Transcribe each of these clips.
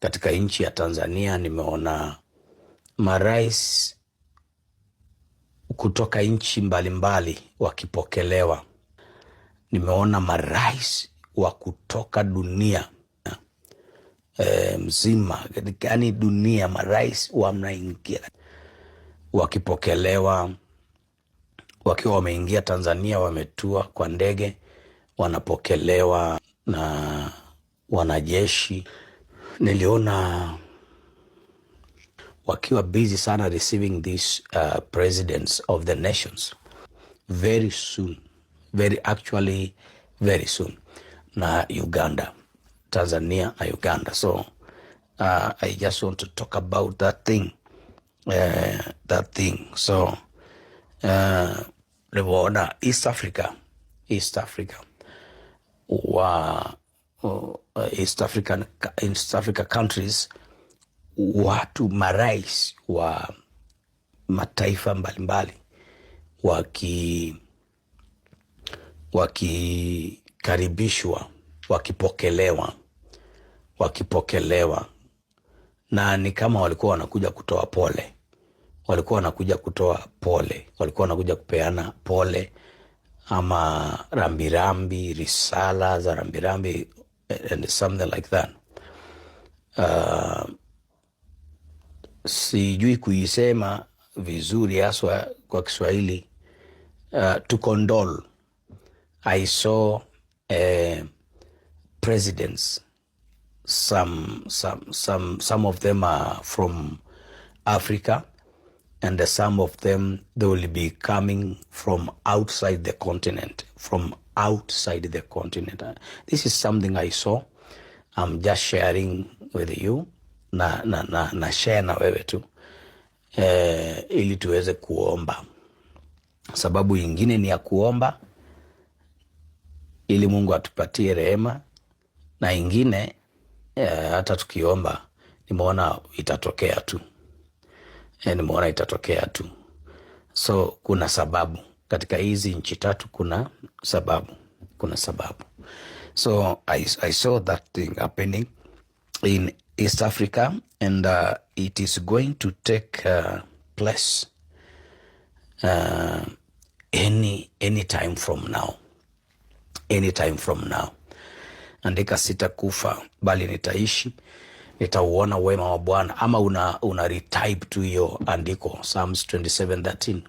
katika nchi ya Tanzania nimeona marais kutoka nchi mbalimbali wakipokelewa. Nimeona marais wa kutoka dunia e, mzima yaani dunia, marais wanaingia wakipokelewa, wakiwa wameingia Tanzania, wametua kwa ndege, wanapokelewa na wanajeshi niliona wakiwa busy sana receiving these uh, presidents of the nations very soon, very actually very soon, na Uganda, Tanzania na Uganda. So uh, I just want to talk about that thing uh, that thing so uh, nilivyoona East Africa East Africa wa Uh, East African, East Africa countries, watu marais wa mataifa mbalimbali waki wakikaribishwa wakipokelewa wakipokelewa, na ni kama walikuwa wanakuja kutoa pole, walikuwa wanakuja kutoa pole, walikuwa wanakuja kupeana pole ama rambirambi, risala za rambirambi and something like that. Uh, sijui kuisema vizuri haswa kwa Kiswahili. Uh, to condole I saw uh, presidents some, some, some, some of them are from Africa and some of them they will be coming from outside the continent from outside the continent. This is something I saw. I'm just sharing with you na, na, na, na share na wewe tu eh, ili tuweze kuomba. Sababu ingine ni ya kuomba ili Mungu atupatie rehema, na ingine eh, hata tukiomba nimeona itatokea tu eh, nimeona itatokea tu, so kuna sababu katika hizi nchi tatu kuna sababu, kuna sababu. So I, I saw that thing happening in East Africa and uh, it is going to take uh, place uh, any, any time from now any time from now. Andika, sitakufa bali nitaishi nitauona wema wa Bwana. Ama una, una retype tu hiyo andiko Psalms 27:13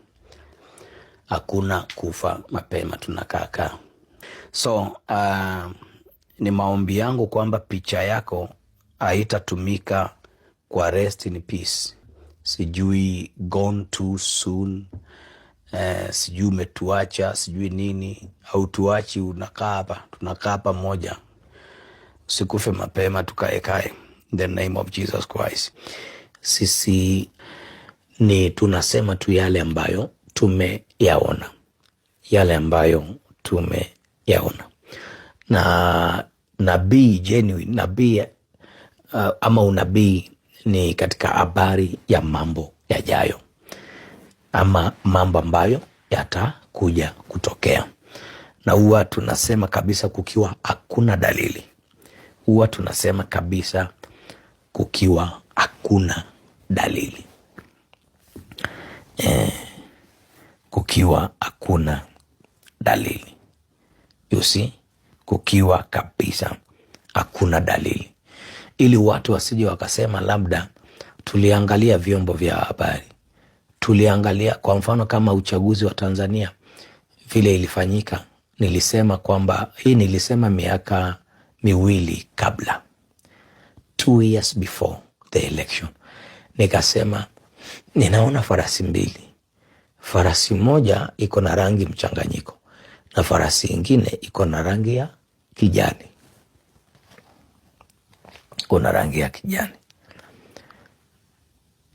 hakuna kufa mapema, tunakaakaa. So uh, ni maombi yangu kwamba picha yako haitatumika kwa rest in peace, sijui gone too soon Eh, sijui umetuacha sijui nini au tuachi, unakaa hapa, tunakaa moja, usikufe mapema, tukaekae. In the name of Jesus Christ, sisi ni tunasema tu yale ambayo tume yaona yale ambayo tumeyaona, na nabii genuine nabii uh, ama unabii ni katika habari ya mambo yajayo ama mambo ambayo yatakuja kutokea, na huwa tunasema kabisa kukiwa hakuna dalili, huwa tunasema kabisa kukiwa hakuna dalili eh kukiwa hakuna dalili. You see? Kukiwa kabisa hakuna dalili, ili watu wasije wakasema labda tuliangalia vyombo vya habari, tuliangalia kwa mfano kama uchaguzi wa Tanzania vile ilifanyika. Nilisema kwamba hii, nilisema miaka miwili kabla, two years before the election, nikasema ninaona farasi mbili Farasi moja iko na rangi mchanganyiko na farasi ingine iko na rangi ya kijani, iko na rangi ya kijani,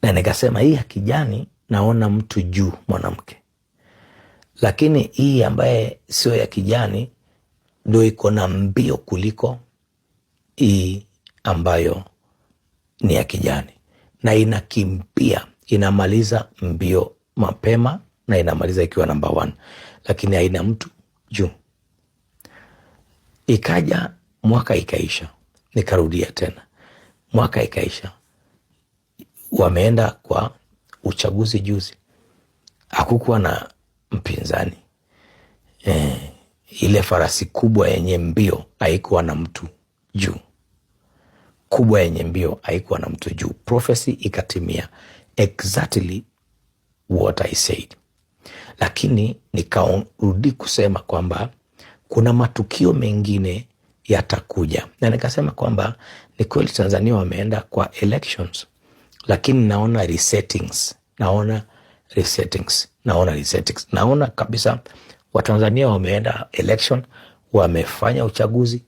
na nikasema hii ya kijani naona mtu juu, mwanamke, lakini hii ambaye sio ya kijani ndo iko na mbio kuliko hii ambayo ni ya kijani, na inakimbia inamaliza mbio mapema na inamaliza ikiwa namba one, lakini haina mtu juu. Ikaja mwaka ikaisha, nikarudia tena, mwaka ikaisha, wameenda kwa uchaguzi juzi, hakukuwa na mpinzani e, ile farasi kubwa yenye mbio haikuwa na mtu juu, kubwa yenye mbio haikuwa na mtu juu. Profesi ikatimia exactly what I said, lakini nikarudi kusema kwamba kuna matukio mengine yatakuja, na nikasema kwamba ni kweli Tanzania wameenda kwa elections, lakini naona resettings, naona resettings, naona resettings, naona kabisa Watanzania wameenda election, wamefanya uchaguzi,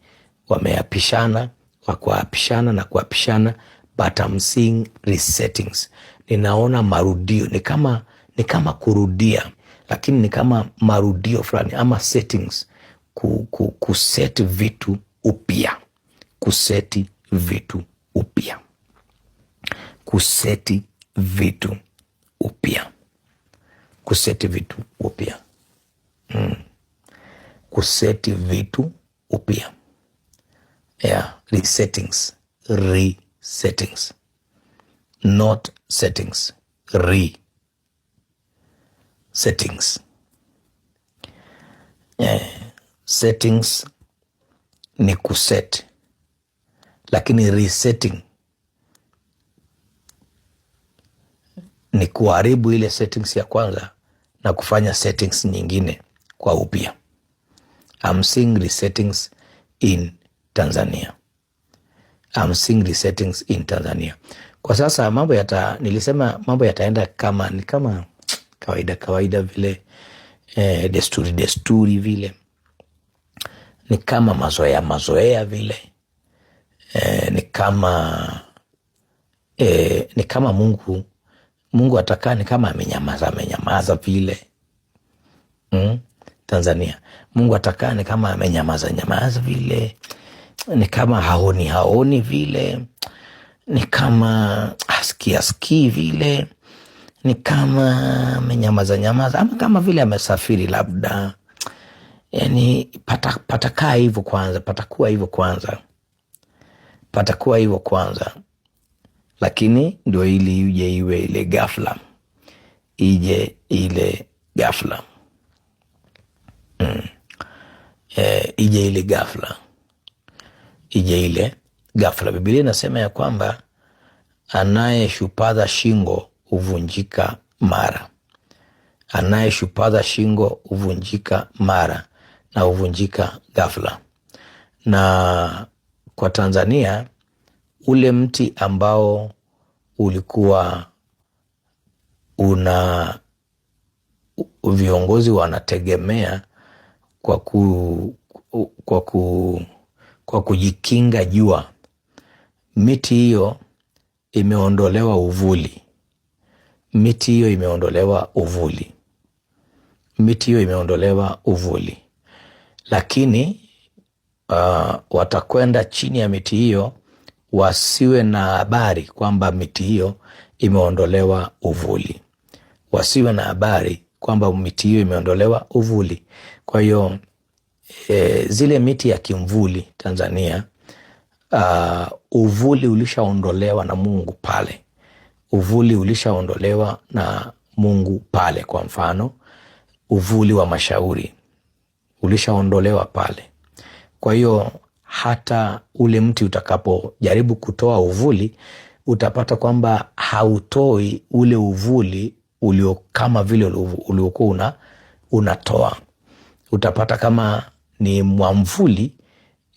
wameapishana, wakuapishana na kuapishana but I'm seeing resettings. Ninaona marudio ni kama, ni kama kurudia, lakini ni kama marudio fulani ama settings ku, ku, kuseti vitu upya, kuseti vitu upya, kuseti vitu upya, kuseti vitu upya mm. kuseti vitu upya yeah. Resettings re settings not settings re settings yeah. settings ni kuset, lakini resetting ni kuharibu ile settings ya kwanza na kufanya settings nyingine kwa upya. I'm seeing resettings in Tanzania housing resettings in Tanzania. Kwa sasa mambo yata, nilisema mambo yataenda kama ni kama kawaida kawaida vile eh, desturi desturi vile ni kama mazoea mazoea vile eh, ni kama eh, ni kama Mungu Mungu atakaa ni kama amenyamaza amenyamaza vile mm? Tanzania Mungu atakaa ni kama amenyamaza nyamaza vile ni kama haoni haoni vile, ni kama hasikii hasikii vile, ni kama amenyamaza nyamaza, ama kama vile amesafiri labda. Yani pata patakaa hivyo kwanza, patakuwa hivyo kwanza, patakuwa hivyo kwanza, lakini ndio ili ije iwe ile ghafla, ije ile ghafla mm. E, ije ile ghafla ije ile ghafla. Biblia inasema ya kwamba anayeshupaza shingo huvunjika mara, anayeshupaza shingo huvunjika mara na huvunjika ghafla. Na kwa Tanzania ule mti ambao ulikuwa una viongozi wanategemea kwa ku, kwa ku kwa kujikinga jua. Miti hiyo imeondolewa uvuli, miti hiyo imeondolewa uvuli, miti hiyo imeondolewa uvuli, lakini uh, watakwenda chini ya miti hiyo wasiwe na habari kwamba miti hiyo imeondolewa uvuli, wasiwe na habari kwamba miti hiyo imeondolewa uvuli. Kwa hiyo e, zile miti ya kimvuli Tanzania, uh, uvuli ulishaondolewa na Mungu pale, uvuli ulishaondolewa na Mungu pale. Kwa mfano uvuli wa mashauri ulishaondolewa pale. Kwa hiyo hata ule mti utakapojaribu kutoa uvuli utapata kwamba hautoi ule uvuli ulio kama vile uliokuwa una, unatoa utapata kama ni mwamvuli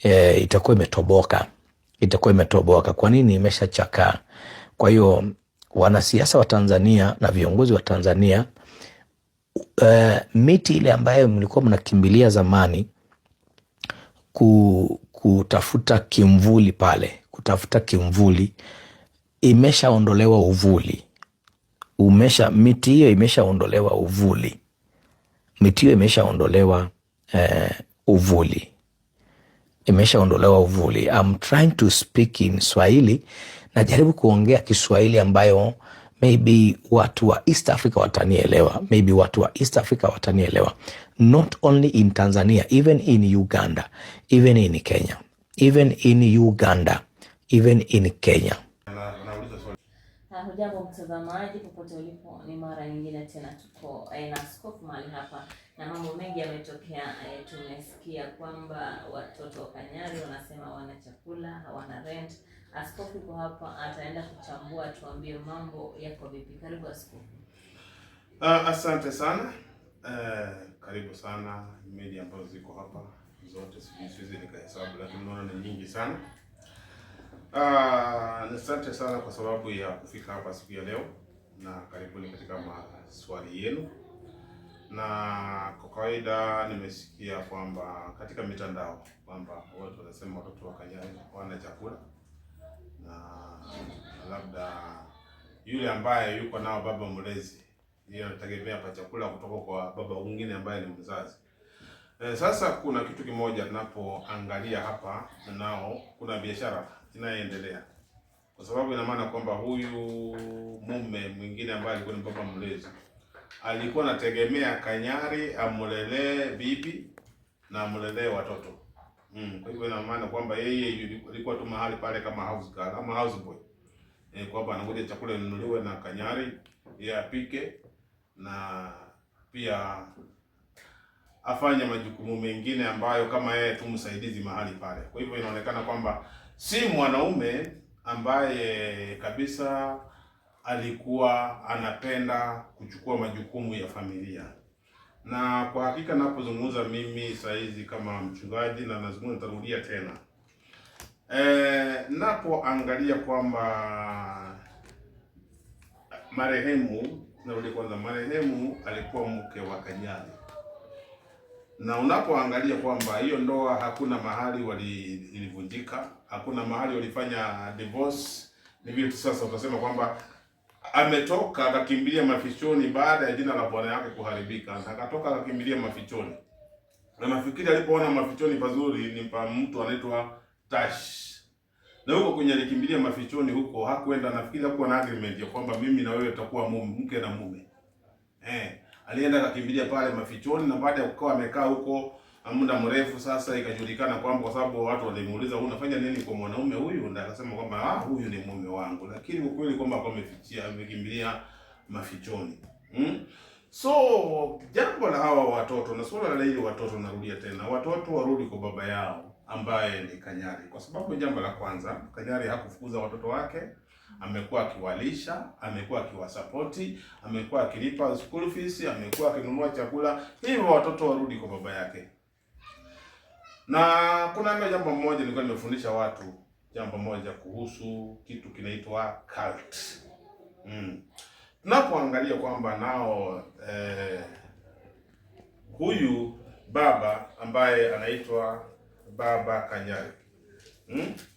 e, eh, itakuwa imetoboka, itakuwa imetoboka. Kwa nini? Imeshachakaa. Kwa hiyo wanasiasa wa Tanzania na viongozi wa Tanzania e, miti ile ambayo mlikuwa mnakimbilia zamani ku, kutafuta kimvuli pale, kutafuta kimvuli, imeshaondolewa uvuli umesha miti hiyo imeshaondolewa uvuli, miti hiyo imeshaondolewa eh, uvuli, imeshaondolewa uvuli. I'm trying to speak in Swahili, najaribu kuongea Kiswahili ambayo maybe watu wa East Africa watanielewa, maybe watu wa East Africa watanielewa, not only in Tanzania, even in Uganda, even in Kenya, even in Uganda, even in Kenya. Hujambo mtazamaji, popote ulipo, ni mara nyingine tena tuko eh, na Askofu mahali hapa, na mambo mengi yametokea. Eh, tumesikia kwamba watoto wa Kanyari wanasema hawana chakula, hawana rent. Askofu yuko hapa, ataenda kuchambua, tuambie mambo yako vipi. Karibu askofu. Uh, asante sana uh, karibu sana. Media ambazo ziko hapa zote siwezi nikahesabu, lakini naona ni nyingi sana Ah, asante sana kwa sababu ya kufika hapa siku ya leo, na karibuni katika maswali yenu. Na kwa kawaida nimesikia kwamba katika mitandao kwamba watu wanasema watoto wa Kanyari hawana chakula, na labda yule ambaye yuko nao baba mlezi ndiye anategemea pa chakula kutoka kwa baba mwingine ambaye ni mzazi. E, sasa kuna kitu kimoja tunapoangalia hapa nao, kuna biashara inayoendelea, kwa sababu ina maana kwamba huyu mume mwingine ambaye alikuwa ni baba mlezi alikuwa anategemea Kanyari amlelee bibi na amlelee watoto mm. Kwa hivyo ina maana kwamba yeye alikuwa tu mahali pale kama house girl ama house boy e, kwamba anangoja chakula inunuliwe na Kanyari yeye apike na pia afanye majukumu mengine ambayo kama yeye tu msaidizi mahali pale. Kwa hivyo inaonekana kwamba si mwanaume ambaye kabisa alikuwa anapenda kuchukua majukumu ya familia. Na kwa hakika napozungumza mimi saizi kama mchungaji, na nazungumza, nitarudia tena e, napoangalia kwamba marehemu, narudi kwanza, marehemu alikuwa mke wa kajani na unapoangalia kwamba hiyo ndoa hakuna mahali wali hakuna mahali walifanya divorce. Ni vile sasa utasema kwamba ametoka akakimbilia mafichoni baada ya jina la bwana yake kuharibika, akatoka akakimbilia mafichoni, na nafikiri alipoona mafichoni pazuri ni pa mtu anaitwa Tash, na huko kwenye alikimbilia mafichoni huko hakuenda, nafikiri hakuwa na agreement ya kwamba mimi na wewe tutakuwa mke na mume eh, alienda akakimbilia pale mafichoni, na baada ya kukaa amekaa huko muda mrefu sasa, ikajulikana kwamba kwa sababu watu walimuuliza unafanya nini kwa mwanaume huyu, na akasema kwamba ah, huyu ni mume wangu, lakini ukweli kwamba kwa amefichia amekimbilia mafichoni hmm? So jambo la hawa watoto na suala la ile watoto, narudia tena, watoto warudi kwa baba yao ambaye ni Kanyari, kwa sababu jambo la kwanza, Kanyari hakufukuza watoto wake amekuwa akiwalisha, amekuwa akiwasapoti, amekuwa akilipa school fees, amekuwa akinunua chakula. Hivyo watoto warudi kwa baba yake. Na kuna jambo moja nilikuwa nimefundisha watu jambo moja kuhusu kitu kinaitwa cult. Mm. Tunapoangalia kwamba nao eh, huyu baba ambaye anaitwa Baba Kanyari. Mm?